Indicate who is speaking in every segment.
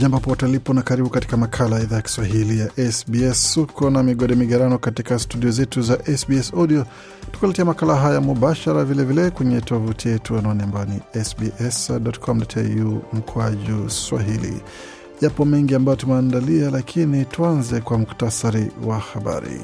Speaker 1: Jambo popote lipo na karibu katika makala ya idhaa ya Kiswahili ya SBS. Uko na migode migerano katika studio zetu za SBS Audio, tukuletea makala haya mubashara, vilevile kwenye tovuti yetu anaone ambayo ni sbs.com.au mkwaju swahili. Yapo mengi ambayo tumeandalia, lakini tuanze kwa muktasari wa habari.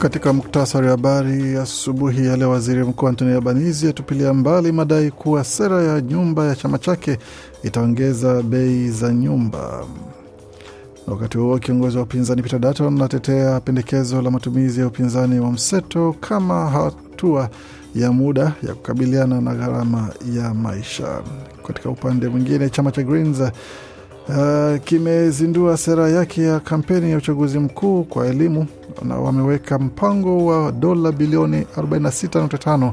Speaker 1: Katika muktasari wa habari asubuhi ya leo, waziri mkuu Antoni Albanizi atupilia mbali madai kuwa sera ya nyumba ya chama chake itaongeza bei za nyumba. Wakati huo kiongozi wa upinzani Peter Dutton anatetea pendekezo la matumizi ya upinzani wa mseto kama hatua ya muda ya kukabiliana na gharama ya maisha. Katika upande mwingine, chama cha Greens uh, kimezindua sera yake ya kampeni ya uchaguzi mkuu kwa elimu na wameweka mpango wa dola bilioni 46.5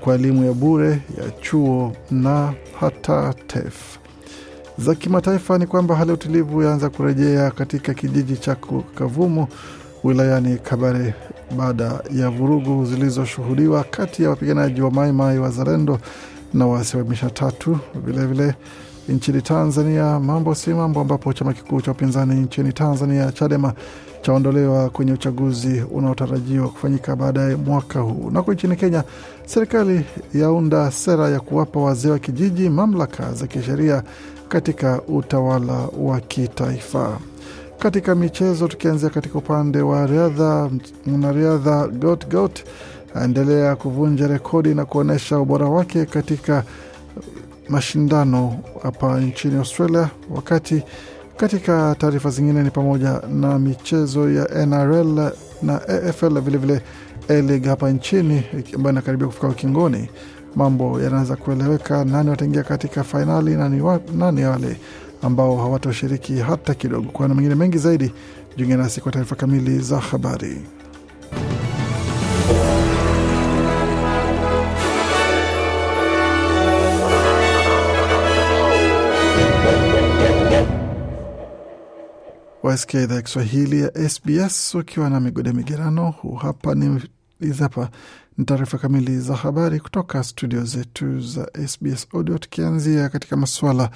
Speaker 1: kwa elimu ya bure ya chuo na hata TEF za kimataifa ni kwamba hali ya utulivu yaanza kurejea katika kijiji cha Kavumu wilayani Kabare baada ya vurugu zilizoshuhudiwa kati ya wapiganaji wa Maimai wa Wazalendo na waasi wa tatu vilevile nchini Tanzania mambo si mambo, ambapo chama kikuu cha upinzani nchini Tanzania Chadema chaondolewa kwenye uchaguzi unaotarajiwa kufanyika baadaye mwaka huu. Nako nchini Kenya, serikali yaunda sera ya kuwapa wazee wa kijiji mamlaka za kisheria katika utawala wa kitaifa. Katika michezo, tukianzia katika upande wa riadha, mwanariadha Got Got aendelea kuvunja rekodi na kuonyesha ubora wake katika mashindano hapa nchini Australia. Wakati katika taarifa zingine ni pamoja na michezo ya NRL na AFL vilevile A-League hapa nchini ambayo inakaribia kufika ukingoni. Mambo yanaanza kueleweka, nani wataingia katika fainali, nani, wa, nani wale ambao hawatoshiriki hata kidogo. Kwa na mengine mengi zaidi, jiunge nasi kwa taarifa kamili za habari. waskia idhaa ya Kiswahili ya SBS ukiwa na migode migerano. Huu hapa ni hapa ni taarifa kamili za habari kutoka studio zetu za SBS Audio, tukianzia katika masuala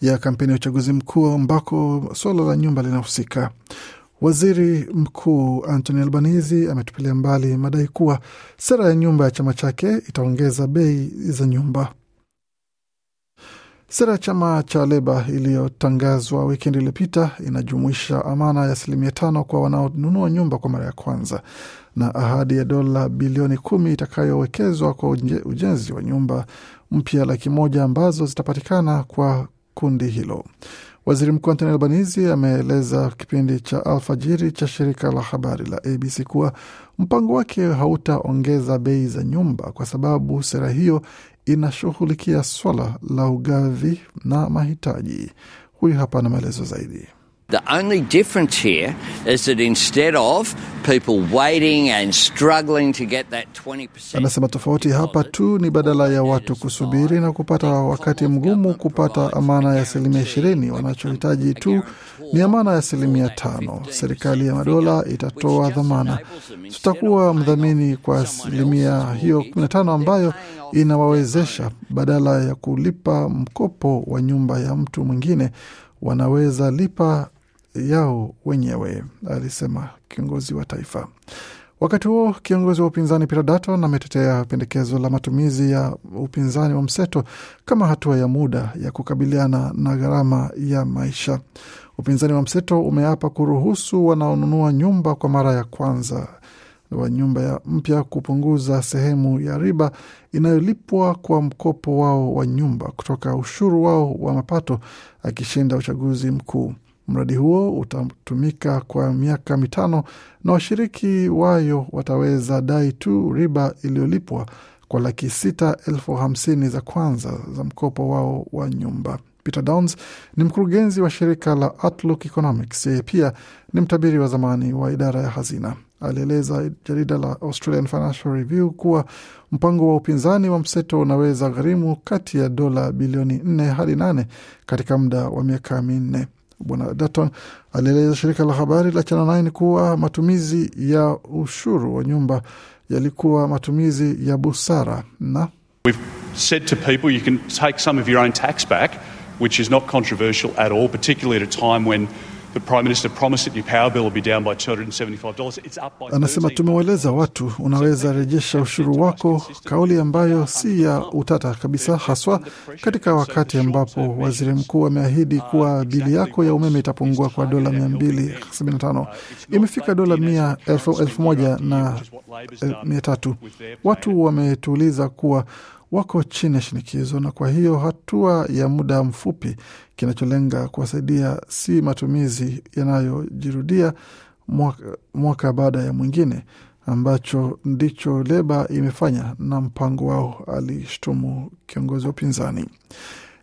Speaker 1: ya kampeni ya uchaguzi mkuu ambako suala la nyumba linahusika. Waziri Mkuu Anthony Albanese ametupilia mbali madai kuwa sera ya nyumba ya chama chake itaongeza bei za nyumba. Sera ya chama cha Leba iliyotangazwa wikendi iliyopita inajumuisha amana ya asilimia tano kwa wanaonunua nyumba kwa mara ya kwanza na ahadi ya dola bilioni kumi itakayowekezwa kwa ujenzi wa nyumba mpya laki moja ambazo zitapatikana kwa kundi hilo. Waziri Mkuu Antoni Albanizi ameeleza kipindi cha alfajiri cha shirika la habari la ABC kuwa mpango wake hautaongeza bei za nyumba kwa sababu sera hiyo inashughulikia swala la ugavi na mahitaji. Huyu hapa na maelezo zaidi. The only difference here is that instead of people waiting and struggling to get that 20%. Anasema tofauti hapa tu ni badala ya watu kusubiri na kupata wakati mgumu kupata amana ya asilimia ishirini, wanachohitaji tu ni amana ya asilimia tano. Serikali ya madola itatoa dhamana, tutakuwa mdhamini kwa asilimia hiyo 15 ambayo inawawezesha badala ya kulipa mkopo wa nyumba ya mtu mwingine wanaweza lipa yao wenyewe, alisema kiongozi wa taifa. Wakati huo kiongozi wa upinzani Peter Dutton ametetea pendekezo la matumizi ya upinzani wa mseto kama hatua ya muda ya kukabiliana na gharama ya maisha. Upinzani wa mseto umeapa kuruhusu wanaonunua nyumba kwa mara ya kwanza wa nyumba ya mpya kupunguza sehemu ya riba inayolipwa kwa mkopo wao wa nyumba kutoka ushuru wao wa mapato, akishinda uchaguzi mkuu. Mradi huo utatumika kwa miaka mitano na washiriki wayo wataweza dai tu riba iliyolipwa kwa laki sita elfu hamsini za kwanza za mkopo wao wa nyumba. Peter Downs ni mkurugenzi wa shirika la Outlook Economics. Yeye pia ni mtabiri wa zamani wa idara ya hazina. Alieleza jarida la Australian Financial Review kuwa mpango wa upinzani wa mseto unaweza gharimu kati ya dola bilioni nne hadi nane katika muda wa miaka minne. Bwana Dutton alieleza shirika la habari la Channel 9 kuwa matumizi ya ushuru wa nyumba yalikuwa matumizi ya busara na We've said to people you can take some of your own tax back which is not controversial at all particularly at a time when Anasema tumewaeleza watu unaweza rejesha ushuru wako, kauli ambayo si ya utata kabisa, haswa katika wakati ambapo waziri mkuu ameahidi ah, kuwa bili yako ya umeme itapungua kwa dola 275 uh, imefika dola 1 na eh, Watu wametuuliza kuwa wako chini ya shinikizo, na kwa hiyo hatua ya muda mfupi kinacholenga kuwasaidia si matumizi yanayojirudia mwaka, mwaka baada ya mwingine, ambacho ndicho Leba imefanya na mpango wao, alishtumu kiongozi wa upinzani.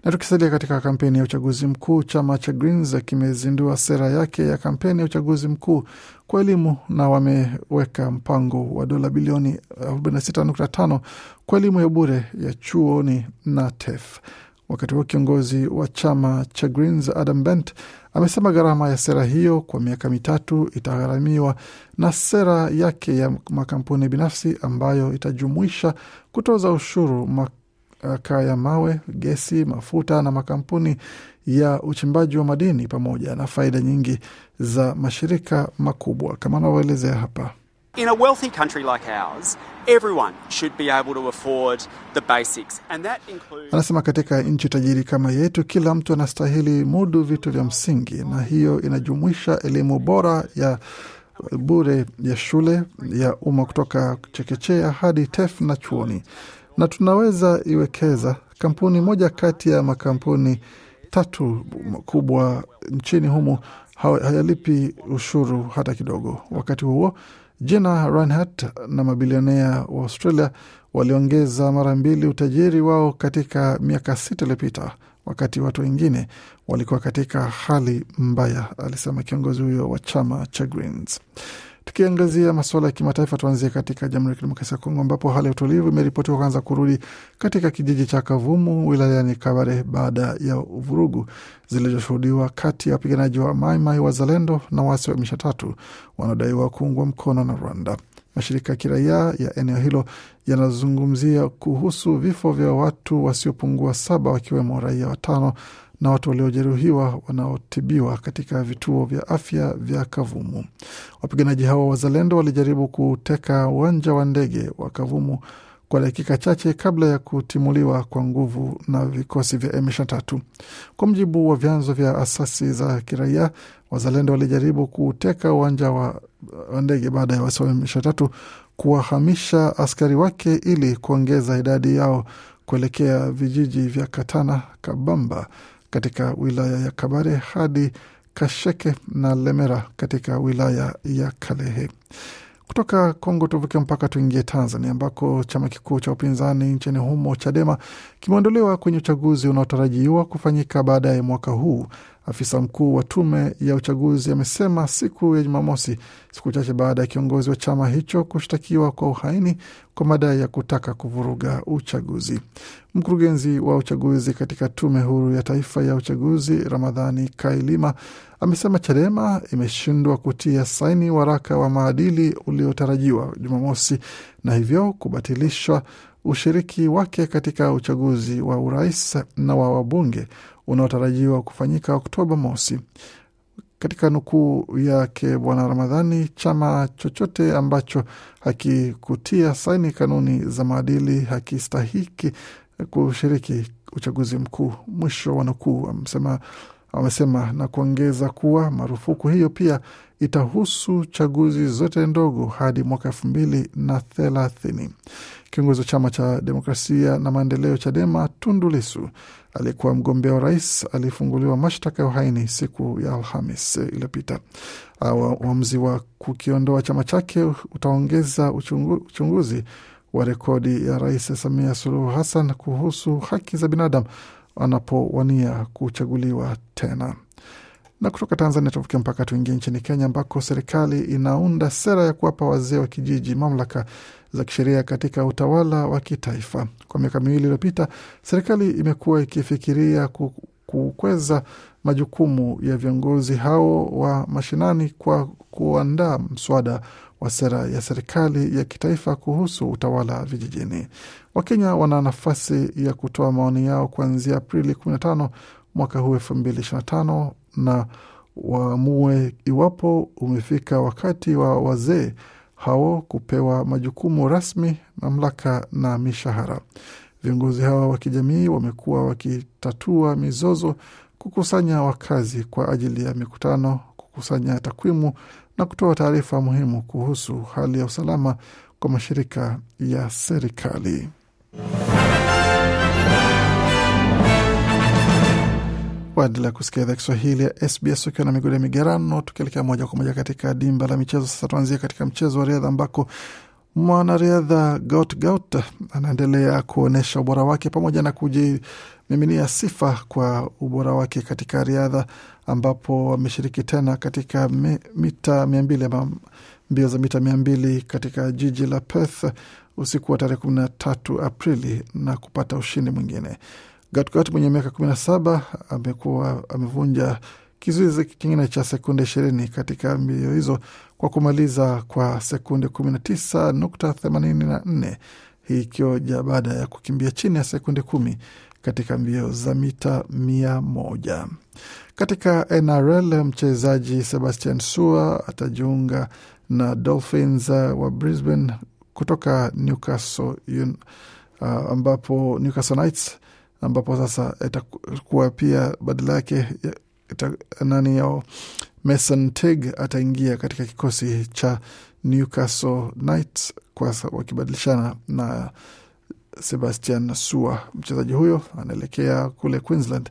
Speaker 1: Na tukisalia katika kampeni ya uchaguzi mkuu, chama cha Greens kimezindua sera yake ya kampeni ya uchaguzi mkuu kwa elimu na wameweka mpango wa dola bilioni 46.5 kwa elimu ya bure ya chuoni na TEF. Wakati huo kiongozi wa chama cha Greens Adam Bent amesema gharama ya sera hiyo kwa miaka mitatu itagharamiwa na sera yake ya makampuni binafsi ambayo itajumuisha kutoza ushuru Eh, kaa ya mawe, gesi, mafuta na makampuni ya uchimbaji wa madini pamoja na faida nyingi za mashirika makubwa kama anavyoelezea hapa. In a wealthy country like ours, everyone should be able to afford the basics. And that includes... Anasema katika nchi tajiri kama yetu, kila mtu anastahili mudu vitu vya msingi, na hiyo inajumuisha elimu bora ya bure ya shule ya umma kutoka chekechea hadi TEF na chuoni na tunaweza iwekeza. Kampuni moja kati ya makampuni tatu kubwa nchini humo hayalipi ushuru hata kidogo. Wakati huo jina Reinhart na mabilionea wa Australia waliongeza mara mbili utajiri wao katika miaka sita iliyopita, wakati watu wengine walikuwa katika hali mbaya, alisema kiongozi huyo wa chama cha Greens. Tukiangazia masuala ya kimataifa, tuanzie katika Jamhuri ya Kidemokrasia ya Kongo ambapo hali ya utulivu imeripotiwa kuanza kurudi katika kijiji cha Kavumu wilayani Kabare baada ya vurugu zilizoshuhudiwa kati ya wapiganaji wa Maimai Wazalendo na wasi wa misha tatu wanaodaiwa kuungwa mkono na Rwanda. Mashirika ya kiraia ya eneo hilo yanazungumzia kuhusu vifo vya watu wasiopungua saba wakiwemo raia watano na watu waliojeruhiwa wanaotibiwa katika vituo vya afya vya Kavumu. Wapiganaji hao wazalendo walijaribu kuteka uwanja wa ndege wa Kavumu kwa dakika chache kabla ya kutimuliwa kwa nguvu na vikosi vya M23. Kwa mujibu wa vyanzo vya asasi za kiraia, wazalendo walijaribu kuteka uwanja wa ndege baada ya wasi wa M23 kuwahamisha askari wake ili kuongeza idadi yao kuelekea vijiji vya Katana, Kabamba katika wilaya ya Kabare hadi Kasheke na Lemera katika wilaya ya Kalehe. Kutoka Kongo tuvuke mpaka tuingie Tanzania, ambako chama kikuu cha upinzani nchini humo Chadema kimeondolewa kwenye uchaguzi unaotarajiwa kufanyika baadaye mwaka huu, Afisa mkuu wa tume ya uchaguzi amesema siku ya Jumamosi, siku chache baada ya kiongozi wa chama hicho kushtakiwa kwa uhaini kwa madai ya kutaka kuvuruga uchaguzi. Mkurugenzi wa uchaguzi katika Tume Huru ya Taifa ya Uchaguzi, Ramadhani Kailima, amesema Chadema imeshindwa kutia saini waraka wa maadili uliotarajiwa Jumamosi na hivyo kubatilishwa ushiriki wake katika uchaguzi wa urais na wa wabunge unaotarajiwa kufanyika Oktoba mosi. Katika nukuu yake Bwana Ramadhani, chama chochote ambacho hakikutia saini kanuni za maadili hakistahiki kushiriki uchaguzi mkuu, mwisho wa nukuu, amesema na kuongeza kuwa marufuku hiyo pia itahusu chaguzi zote ndogo hadi mwaka elfu mbili na thelathini. Kiongozi wa chama cha demokrasia na maendeleo Chadema Tundu Lissu aliyekuwa mgombea wa rais alifunguliwa mashtaka ya uhaini siku ya Alhamis iliyopita. Uamuzi wa kukiondoa chama chake utaongeza uchungu, uchunguzi wa rekodi ya Rais Samia Suluhu Hassan kuhusu haki za binadamu anapowania kuchaguliwa tena. Na kutoka Tanzania tuvuke mpaka tuingie nchini Kenya, ambako serikali inaunda sera ya kuwapa wazee wa kijiji mamlaka za kisheria katika utawala wa kitaifa. Kwa miaka miwili iliyopita, serikali imekuwa ikifikiria kukweza majukumu ya viongozi hao wa mashinani kwa kuandaa mswada wa sera ya serikali ya kitaifa kuhusu utawala vijijini. Wakenya wana nafasi ya kutoa maoni yao kuanzia Aprili 15 mwaka huu na waamue iwapo umefika wakati wa wazee hao kupewa majukumu rasmi, mamlaka na mishahara. Viongozi hawa wa kijamii wamekuwa wakitatua mizozo, kukusanya wakazi kwa ajili ya mikutano, kukusanya takwimu na kutoa taarifa muhimu kuhusu hali ya usalama kwa mashirika ya serikali. Waendelea kusikia idhaa Kiswahili ya SBS ukiwa na migodi ya migerano, tukielekea moja kwa moja katika dimba la michezo. Sasa tuanzie katika mchezo wa riadha ambako mwanariadha Gout Gout anaendelea kuonyesha ubora wake pamoja na kujimiminia sifa kwa ubora wake katika riadha, ambapo ameshiriki tena katika mita mia mbili ama mbio za mita mia mbili katika jiji la Perth usiku wa tarehe kumi na tatu Aprili na kupata ushindi mwingine. Gatkati mwenye miaka 17 amekuwa amevunja kizuizi kingine cha sekunde ishirini katika mbio hizo kwa kumaliza kwa sekunde nne hii ikioja baada ya kukimbia chini ya sekunde kumi katika mbio za mita mia moja. Katika NRL mchezaji Sebastian Sua atajiunga na Dolphins uh, wa Brisbane kutoka Newcastle, uh, ambapo Newcastle Knights ambapo sasa itakuwa pia badala yake ita, nani yao Mason Tig ataingia katika kikosi cha Newcastle Knights kwa wakibadilishana na Sebastian Sua. Mchezaji huyo anaelekea kule Queensland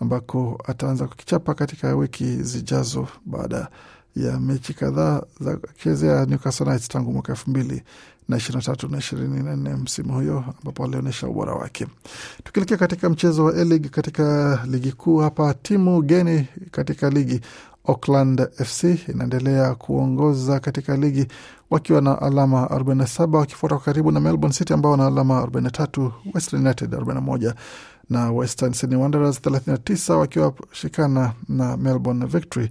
Speaker 1: ambako ataanza kukichapa katika wiki zijazo baada ya mechi kadhaa za kuchezea Newcastle Knights tangu mwaka elfu mbili na ishirini na tatu na ishirini na nne msimu huyo ambapo alionyesha ubora wake. Tukielekea katika mchezo wa A-League katika ligi kuu hapa, timu geni katika ligi Auckland FC inaendelea kuongoza katika ligi wakiwa na alama 47 wakifuata kwa karibu na Melbourne City ambao wana alama 43, Western United 41 na Western Sydney Wanderers 39 wakiwa shikana na Melbourne Victory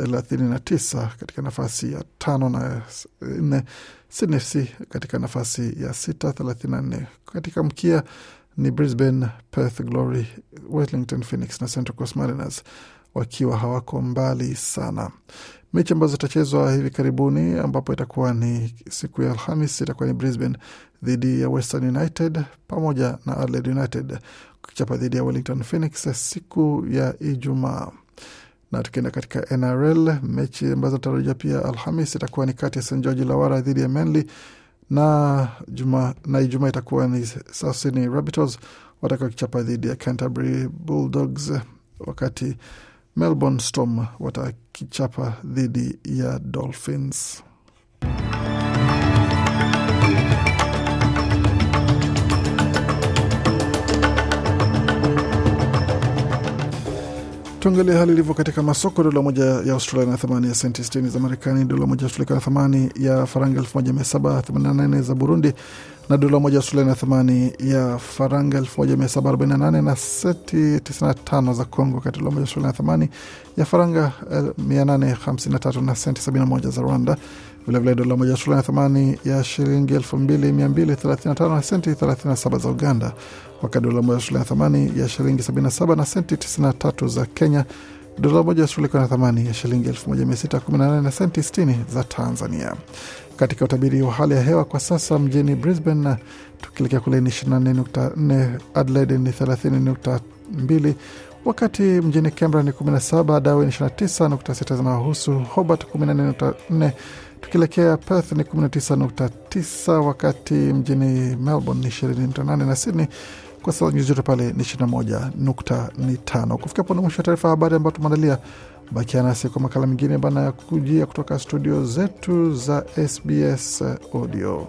Speaker 1: 39 katika nafasi ya tano na nne. Sydney katika nafasi ya sita 34. Katika mkia ni Brisbane, Perth Glory, Wellington Phoenix na Central Coast Mariners wakiwa hawako mbali sana. Mechi ambazo zitachezwa hivi karibuni, ambapo itakuwa ni siku ya Alhamis, itakuwa ni Brisbane dhidi ya Western United pamoja na Adelaide United kichapa dhidi ya Wellington Phoenix siku ya Ijumaa. Na tukienda katika NRL, mechi ambazo tarajia pia Alhamis itakuwa ni kati ya St George Illawarra dhidi ya Manly na juma, na itakuwa ni South Sydney Rabbitohs watakuwa kichapa dhidi ya Canterbury Bulldogs, wakati Melbourne Storm watakichapa dhidi ya Dolphins. Tuangalie hali ilivyo katika masoko. Dola moja ya Australia na thamani ya senti 60 za Marekani, dola moja ya Australia na thamani ya faranga 1788 za Burundi, na dola moja ya Australia na thamani ya faranga 1748 na senti 95 za congo kati dola moja ya Australia na thamani ya faranga 853 eh, na senti 71 za Rwanda Vilevile dola moja shule na thamani ya shilingi 2235 senti 37 za Uganda, wakati dola moja shule na thamani ya shilingi 77 na senti 93 za Kenya, dola moja shule ikiwa na thamani ya shilingi 1618 na senti 60 za Tanzania. Katika utabiri wa hali ya hewa kwa sasa mjini Brisbane, tukielekea kule ni 24.4, Adelaide ni 30.2 wakati mjini Canberra ni 17, Darwin 29.6 zinahusu Hobart 14.4 tukielekea Perth ni 19.9, wakati mjini Melbourne ni 28 na Sydney kwa sasa nyuzi joto pale ni 21.5. Kufika pone mwisho wa taarifa ya habari ambayo tumeandalia. Bakia nasi kwa makala mengine bana ya kujia kutoka studio zetu za SBS Audio.